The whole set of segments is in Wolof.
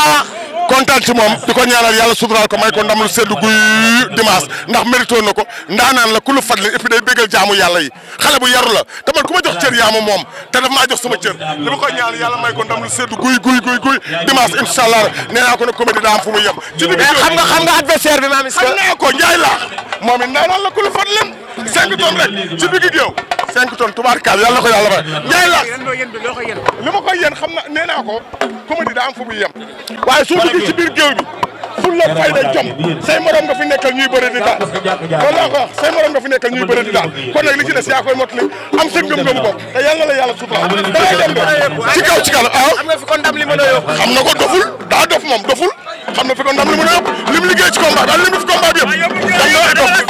baax kontaan moom di ko ñaanal yàlla suturaal ko may ko ndam lu seddu guy dimanche ndax mérito na ko ndaanaan la ku lu fadli et puis day béggal jaamu yàlla yi xale bu yaru la te man ku ma jox cër yaamu moom te ma maa jox sama cër dama koy ñaanal yàlla may ko ndam lu seddu guy guy guy guy dimanche incha allah nee ko ne comédie daa am fu yem. ci digg xam nga xam nga adversaire bi maam. xam naa ko Ndiaye laax moom it ndaanaan la ku lu fadlem cinq tonnes rek ci digg géew cinq tonnes tubaarkaal yàlla ko yàlla ba Ndiaye la li ma koy yéen xam nee naa ko comédie daa am fu yem waaye su duggee ci biir géew bi ful fay day jom say morom nga fi nekkal ñuy bëri di daal ko wax say morom nga fi nekkal ni am sa ngëm-ngëmu bopp te yàlla la yàlla sutura da ngay dem de ci kaw ci na ko doful daa dof moom doful xam na fi ko ndam li mën a yóbbu li mu liggéey ci combat daal li mu fi combat bi yëpp dam na wax dof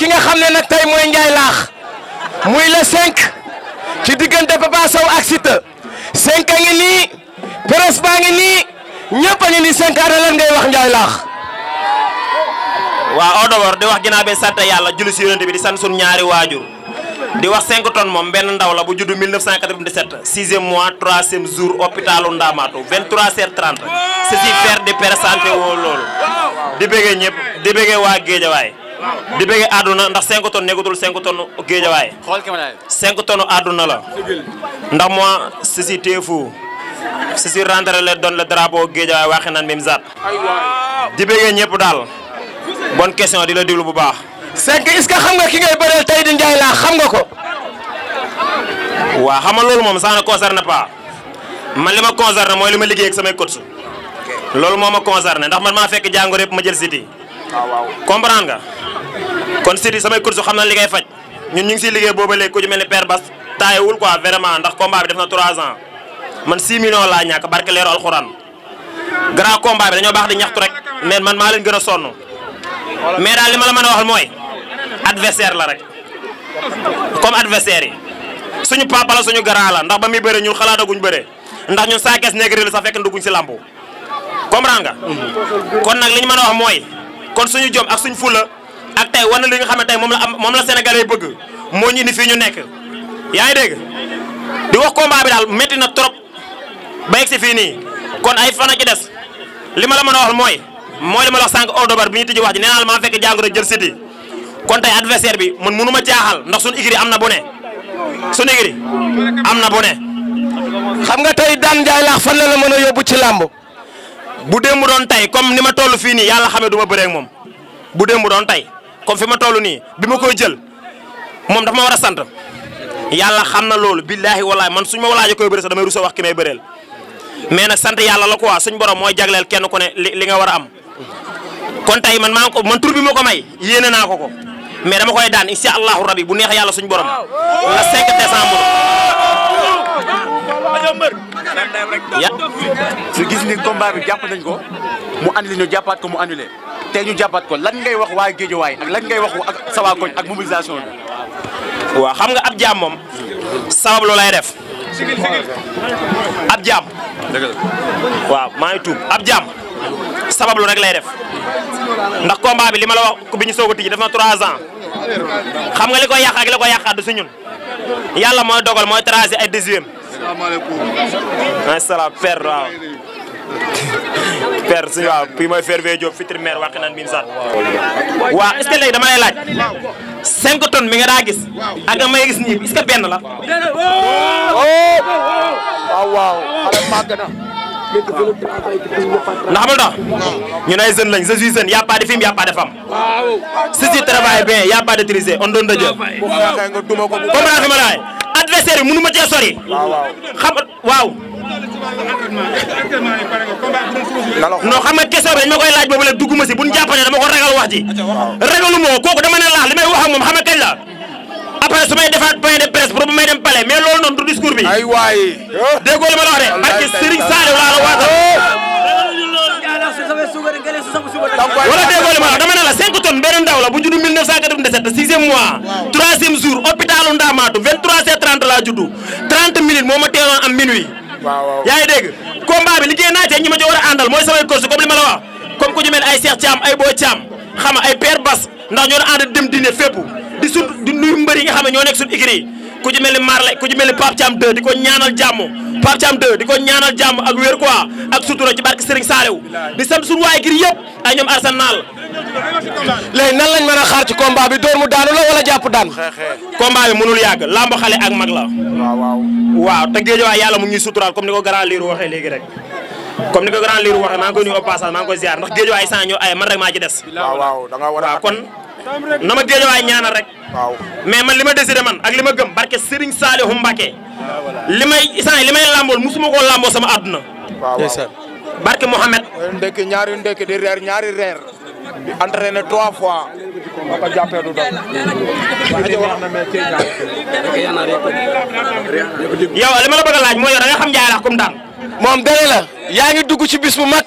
ci nga xam ne nag tey mooy Ndiaye laax muy le 5 ci diggante Papa Sow ak Siteu 5 a ngi nii presse baa ngi nii ñëpp a ngi nii 5 ana lan ngay wax Ndiaye laax. waaw au di wax ginnaaw bi sant yàlla julli si yonent bi di sant ñaari waajur di wax 5 tonnes moom benn ndaw la bu juddu 1997 sixième mois troisième jour hôpitalu Ndamaatu 23h30 ceci faire di présenter woo loolu di bëggee ñëpp di bëggee waa Géejawaay. di bëgg àdduna ndax cinq 5 tonnes nekkatul 5 tonnes géejawaay. xool 5 tonnes àdduna la. ndax moi si si teefu si si rentré le doon le drapeau géejawaay waxi naan même di bëgg ñëpp daal bonne question di la déglu bu baax. Seck est que xam nga ki ngay bëreel tey di Ndiaye laa xam nga ko. waaw xam nga loolu moom ça ne concerne man li ma concerne mooy li ma liggéey ak samay coach. loolu moo ma concerne ndax man maa fekk jàngoro yëpp ma jël siti comprendre nga kon Sidi samay course xam na li ngay faj ñun ñu ngi siy liggéey boobalee léegi ku ci mel ni Père Bass taayewul quoi vraiment ndax combat bi na 3 ans man 6 millions laa ñàkk barke leeru alxuraan grand combat bi baax di ñaxtu rek mais man maa leen gën a sonn mais daal li ma mën a waxal mooy adversaire la rek comme adversaire yi suñu papa suñu grand la ndax ba muy bëre ñun xalaataguñ bëre ndax ñun saa kees néeg réel sax fekk nduguñ si lambu comprendre nga. Mhm. kon li ñu mën a wax mooy. kon suñu jom ak suñ fula ak tey wane li nga xam ne tey moom la am moom la bëgg moo ñu indi fii ñu nekk yaa ngi dégg di wax combat bi daal metti na trop ba yegg si fii nii kon ay fan a ci des li ma la mën a wax mooy mooy li ma la wax sànq Odobar bi ñu tijji wax ji nee naa la maa fekk jàngoro jël siti kon tey adversaire bi man mënu ma jaaxal ndax suñu igri am na bu ne suñu igri am na bu ne. xam nga tey daan Ndiaye laax fan la la mën a yóbbu ci làmb. bu démb doon tey comme ni ma toll fii nii yàlla xamee du ma bëree moom bu démb doon tey comme fi ma toll nii bi ma koy jël moom dafa ma war a sant yàlla xam na loolu billaahi wallaahi man suñ ma walaajee koy bëri sax damay rusa wax ki may bëreel mais na sant yàlla la ko quoi suñ borom mooy jagleel kenn ko ne li nga war a am. kon tey man maa ko man tur bi ma ko may yéene naa ko ko mais dama koy daan incha allahu rabi bu neexee yàlla suñ borom la 5 ya su gis ni combat jàpp nañ ko mu annulé ñu jàppaat ko mu annulé te ñu jàppaat ko lan ngay wax waaye Géejawaay ak lan ngay wax ak sa koñ ak mobilisation bi. waaw xam nga ab jaam moom sabab lu lay def. ab jaam. waaw maa ngi tuub ab jaam sabab lu rek lay def ndax combat bi li ma la wax bi ñu soog a tijji def na trois ans xam nga li ko yàq ak li si ñun yàlla mooy dogal mooy tracé ay deuxième. salaamaaleykum. insalaam père waaw. père si waaw kii mooy Fervé Diop fitir maire wàq nan bin sat waaw est-ce que léegi laaj. 5 tonnes mi nga daa gis. ak may gis nii est-ce benn la. waaw oh! waaw ñu nay jeune lañ je suis jeune y' a pas de film y' a si tu travailles bien y' a pas de tricher on donne de ma laay. adversaire bi mënu ma cee sori. xam waaw. non xam nga question bi dañ ma koy laaj boobu la dugguma si bu ñu jàppale dama ko ragal wax ji. ragalu moo kooku dama ne laax li may wax ak moom xam nga kañ may defaat point de presse pour bu may dem palais mais loolu noonu du discours bi. ay waay déggoo li ma la wax de. parce que Serigne wala déggoo li ma dama ne la 5 tonnes benn ndaw la bu juddu 1997 sixième mois troisième jour hôpitalu Ndamaatu 23h30 laa juddu 30 minutes moo ma teeloon am minuit. waaw dégg combat bi liggéey naa ñi ma ci war a àndal mooy samay course comme li ma la wax ku ñu mel ay Cheikh Thiam ay Boy Thiam xam ay Père Bass ndax ñoo doon ànd dem dîner fépp di sut di nuyu mbër yi nga ñoo nekk suñu écurie ku ci mel ni Marley ku ci mel ni Pape Thiam 2 di ko ñaanal jàmm Pape Thiam 2 di ko ñaanal jàmm ak wér quoi ak sutura ci barke Serigne di sant suñu waay gir yëpp ay ñoom Arsenal. léegi nan lañ mën a xaar ci combat bi door mu daanu la wala jàpp daan. combat bi mënul yàgg lamb xale ak mag la. waaw waaw waaw te géej mu ngi suturaal comme ni ko grand liir waxee léegi rek. comme ni ko grand liir waxee maa ngi koy nuyu maa ngi koy ndax géej ay man da nga war a kon. na ma géejawaay ñaanal rek. waaw mais man li ma décidé man ak li ma gëm barke Serigne Saliou Mbacké. li may isaan li may làmbool musuma koo làmboo sama àdduna. waaw barke Mohamed. ndekki ñaari ndekki di reer ñaari reer. di entraîné ba ko jàppee du ma la bëgg a laaj mooy yow da xam Ndiaye la daan. moom dëgg yaa ngi dugg ci bis bu mag.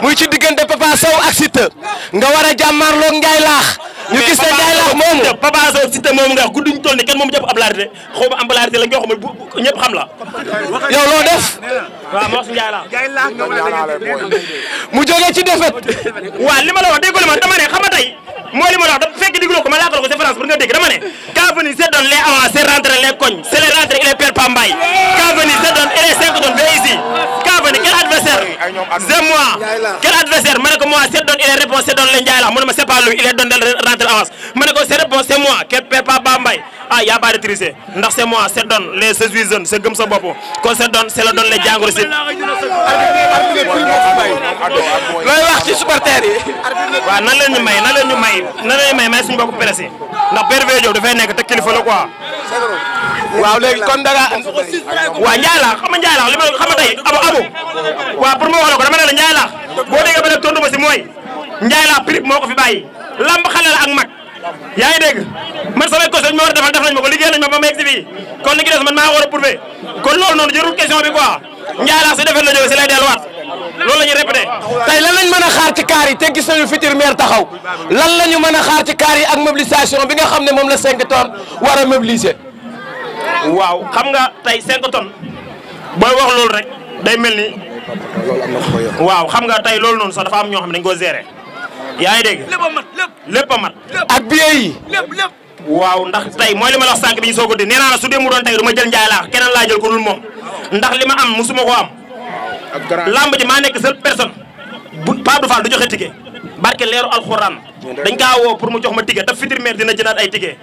muy ci diggante Papa Sow ak Siteu nga war a jàmmarloog Ndiaye laax. ñu gis ne Ndiaye laax moomu Papa Sow Siteu moomu nga guddi ñu toll kenn moom jàpp ab laarite xaw la ñu wax bu ñëpp xam la. yow loo def. mu jógee ci defet. waaw li wax dégg nga man dama ne xam tey mooy li ma la wax ma laatal ko ci France pour nga dégg dama ne. quand venir c'est donné les avancées rentrer les cognes c'est les rentrées il est père Pambaye c'est moi quel adversaire ma ne ko moi c'est donne il est réponse c'est donne le Ndiaye la mu ne ma c'est pas lui il est donne rentre avance ma ne ko c'est réponse c'est moi quel père Papa Mbaye ah y a pas de tricher ndax c'est moi c'est donne les je suis jeune c'est gëm sa bopp kon c'est la donne les jàngoro looy wax ci yi waaw nan leen ñu may nan leen ñu may nan leen may may suñu bokk presse ndax Père Védio dafay nekk te kilifa la quoi waaw léegi kon dara waaw Ndiaye laax li ma nga tey abu abu waaw pour ma wax la ko dama ne laax boo déggee ba ne tontu ma si mooy Ndiaye laax prix moo ko fi bàyyi lamb xale ak mag yaa ngi ma war a ma ko liggéey nañ ma ba ma egg si a prouvé kon loolu noonu jarul question bi quoi Ndiaye laax si defet la si lay delluwaat loolu la ñuy répété tey lan lañ mën a xaar ci kaar te gis nañu futur maire taxaw lan la ñu mën xaar ci kaar ak mobilisation bi nga xam ne moom la 5 tonnes waaw xam nga tey 5 tonnes booy wax loolu rek day mel ni. waaw xam nga tey loolu noonu sax dafa am ñoo xam ne dañu koo gérer. yaa ngi dégg lépp a mat lépp a mat. ak billet yi. lépp lépp. waaw ndax tey mooy li ma la wax sànq soo ñu soog nee naa su dee mu doon tey du ma jël njaay laax keneen laa jël ko dul moom ndax li ma am musuma ko am. lamb ji maa nekk seule personne bu Pape Dou Fall du joxe ticket barke leeru alxuraan dañ kaa woo pour mu jox ma ticket te fitir meer dina jënaat ay ticket.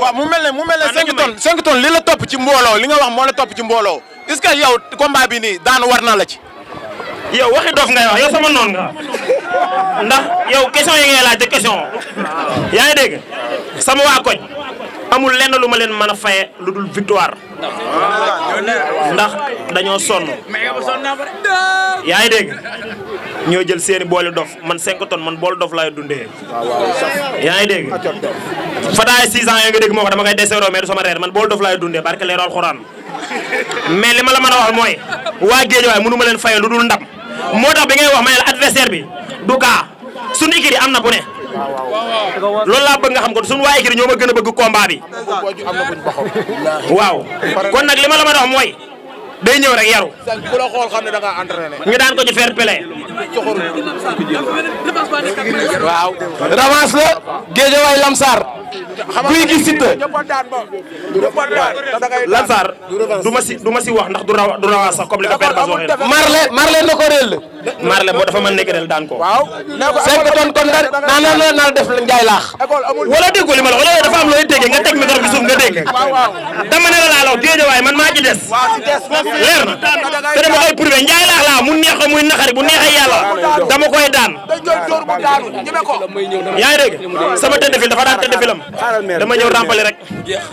waaw mu mel ne mu mel ne ah, cinq tonnes cinq tonnes li la topp ci mbooloo li nga wax moo la topp ci mbooloo est-ce que yow combat bi nii daan war na la ci yow waxi dof ngay wax yow sama noon nga ndax yow question yi ngay laajte question yaa ngi dégg sama waa koñ amul lenn lu ma leen mën a faye lu dul victoire ndax dañoo sonn yaa ngi dégg ñoo jël seeni booli dof man 5 tonnes man boolu dof laay dundee. yaa ngi dégg. fataay 6 ans yooyu nga dégg moo ko dama koy deseeroo mais du sama reer man boolu dof laay dundee barke leeral xuraan mais li ma la mën a wax mooy waa géej waaye mënu ma leen fayal lu du ndam moo tax bi ngay wax ma ne la adversaire bi du kaa suñu écurie am na ku ne. loolu laa bëgg nga xam ko suñu waa écurie ñoo ma gën a bëgg combat bi. waaw kon nag li ma la mën a mooy. day ñëw rek yaru. ku la xool xam ne da ngaa entraîné. ñu daan ko ci fair play. waaw. revanche la. Géejawaay Lamsar. guy gi Siteu Lansar du ma si du ma si wax ndax du raw du rawa sax comme li ko père Bas waxee marle marle na ko réel marle boo dafa mën nekk réel daan ko waaw cinq tonnes kon daan naa na la naa def njaay laax wala déggoo li ma la wala dafa am looy déggee nga teg micro bi suuf nga dégg dama ne la laa law géej waaye man maa ci des leer na te dama koy prouvé njaay laax laa mu neex muy naxari bu neexee yàlla dama koy daan yaa ngi dégg sama tëdd fil dafa daan tëdd filam xaaral meer dama ñëw ràmpale rek. jeex.